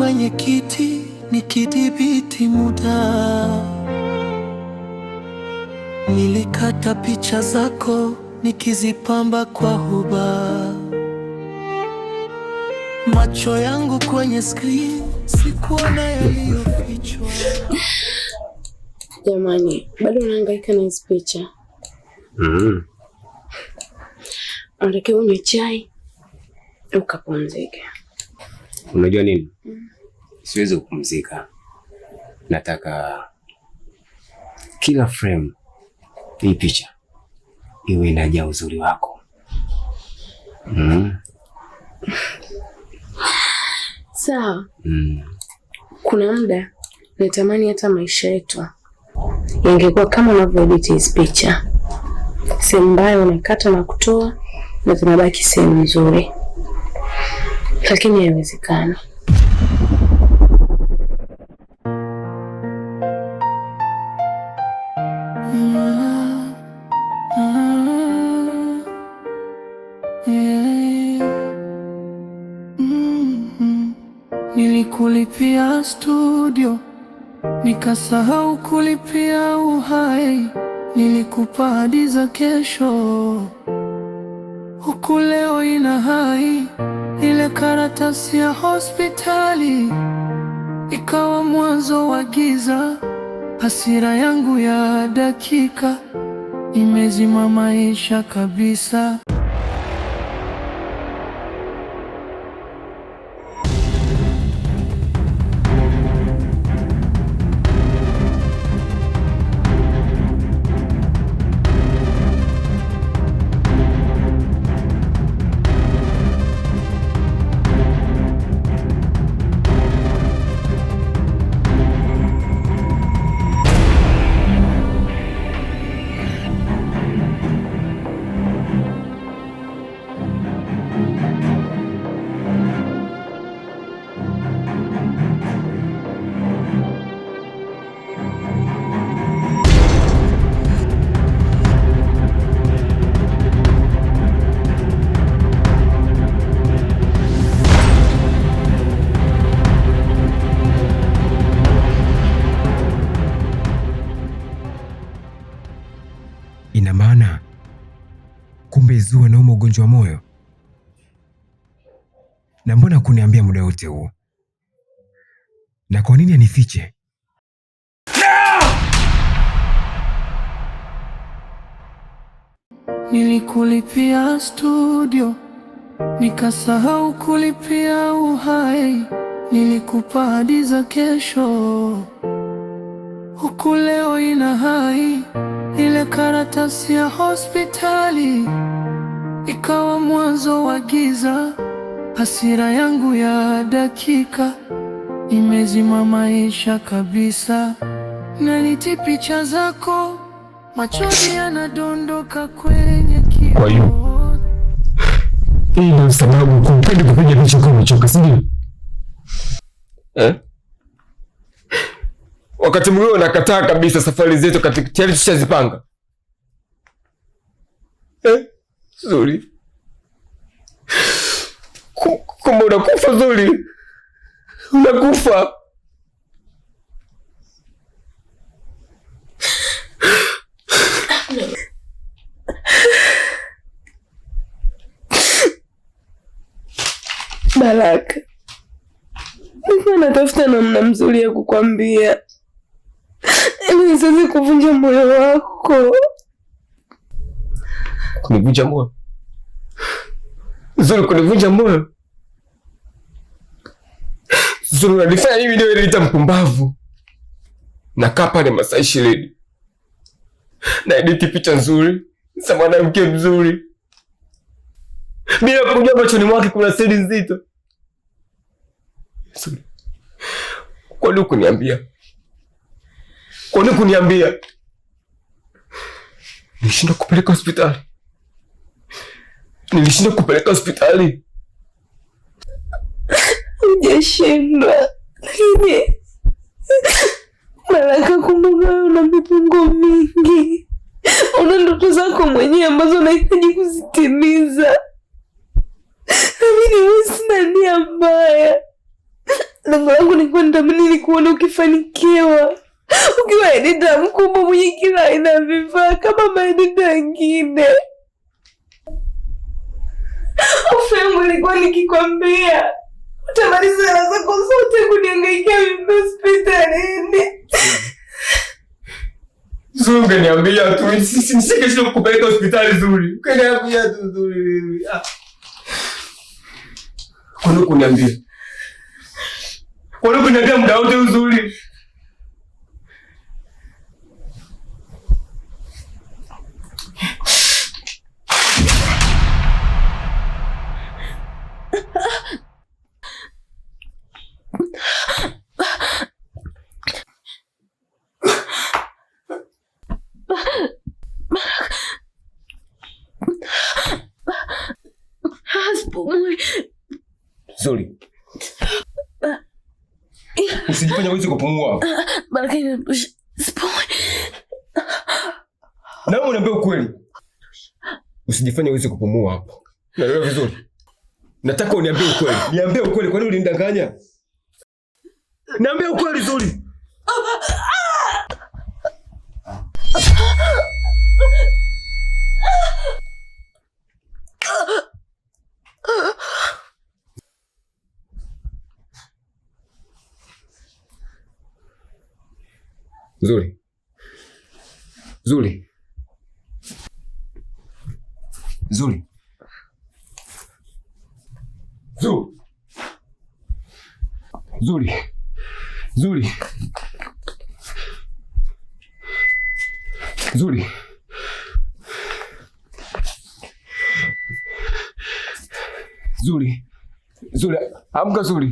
kwenye kiti nikidhibiti muda, nilikata picha zako nikizipamba kwa huba, macho yangu kwenye skrini sikuona yaliyofichwa. Jamani, bado unahangaika na hizi picha? Mm. Unatakiwa unywe chai ukapumzike. Unajua nini? Mm. Siwezi kupumzika. Nataka kila frame hii picha iwe inajaa uzuri wako. Mm. Sawa. Mm. Kuna muda natamani hata maisha yetu yangekuwa kama unavyoediti hizi picha, sehemu mbaya unakata na kutoa na zinabaki sehemu nzuri lakini haiwezekani. Nilikulipia studio nikasahau kulipia uhai, nilikupa hadi za kesho, huku leo ina hai ile karatasi ya hospitali ikawa mwanzo wa giza. Hasira yangu ya dakika imezima maisha kabisa. ugonjwa moyo? Na mbona kuniambia muda wote huo Na kwa nini anifiche? Nilikulipia studio nikasahau kulipia uhai. Nilikupa hadi za kesho, huku leo ina hai ile karatasi ya hospitali. Ikawa mwanzo wa giza, hasira yangu ya dakika imezima maisha kabisa. Naliti picha zako, machozi yanadondoka kwenye kioo. Kwa hiyo hii ndio sababu kumpendi kupiga picha kwa umechoka, si ndio? Eh? Wakati mwingine unakataa kabisa safari zetu, katika tayari tushazipanga eh? Zuri, kumbe unakufa Zuri, unakufa. Baraka, nikuwa natafuta namna mzuri ya kukwambia ili nisiweze kuvunja moyo wako. Kunivunja moyo Zuru, kunivunja moyo. zuri unanifanya mimi niwe nilita mpumbavu. Nakaa pale masaa ishirini na editi picha nzuri za mwanamke mzuri bila kujua machoni mwake kuna seli nzito. Kwa nini kuniambia? Kwa nini kuniambia? nishinda kupeleka hospitali nilishinda kupeleka hospitali. Ujashindwa lakini Baraka, kumbuka una mipango mingi, una ndoto zako mwenyewe ambazo unahitaji kuzitimiza. Amini wewe, sina nia mbaya. Lengo langu nilikuwa natamani ni kuona ukifanikiwa ukiwa edita mkubwa mwenye kila aina vifaa kama maedita wengine Ufemu ilikuwa nikikwambia utamaliza hela zako zote kuniangaikia mimi hospitalini. Zuri kaniambia tu nisikesha kukupeleka hospitali zuri. Kaniambia tu zuri. Ah. Kwani kuniambia? Kwani kuniambia muda wote uzuri? usijifanya huwezi kupumua. Baraka inatosha. unaambia ukweli. usijifanya huwezi kupumua hapo. Naelewa vizuri. Nataka uniambie ukweli. Niambie ukweli, kwa nini ulinidanganya? Niambie ukweli Zuri. Zuri. Zuri. Zuri. Zuri. Zuri. Zuri. Zuri. Zuri. Zuri. Amka Zuri.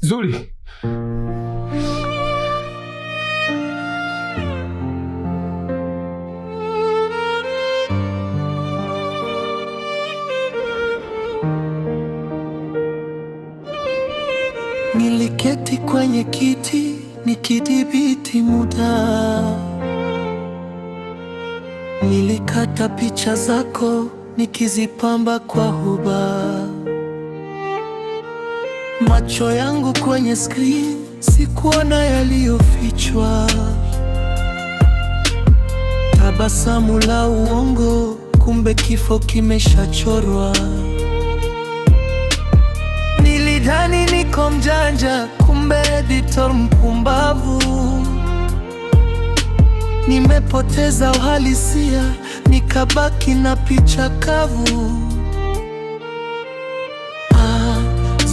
Zuri. Niliketi kwenye kiti nikidhibiti muda, nilikata picha zako nikizipamba kwa huba, macho yangu kwenye screen sikuona yaliyofichwa, tabasamu la uongo, kumbe kifo kimeshachorwa. Nidhani niko mjanja, kumbe editor mpumbavu. Nimepoteza uhalisia, nikabaki na picha kavu. Ah,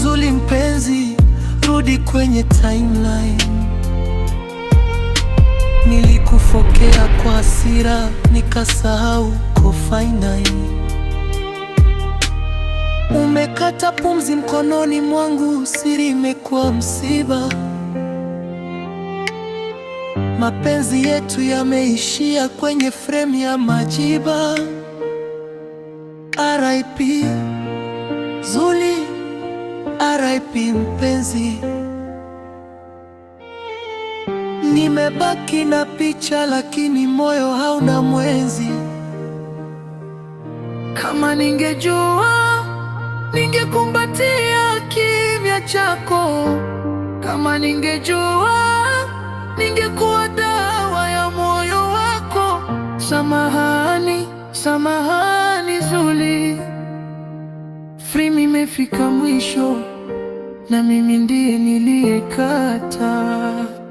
Zuli mpenzi, rudi kwenye timeline. Nilikufokea kwa hasira, nikasahau ko finite Umekata pumzi mkononi mwangu, siri imekuwa msiba. Mapenzi yetu yameishia kwenye fremu ya majiba. RIP Zuli, RIP mpenzi. Nimebaki na picha lakini moyo hauna mwenzi. Kama ningejua ningekumbatia kimya chako. Kama ningejua ningekuwa dawa ya moyo wako. Samahani, samahani Zuli, frimi imefika mwisho na mimi ndiye niliyekata.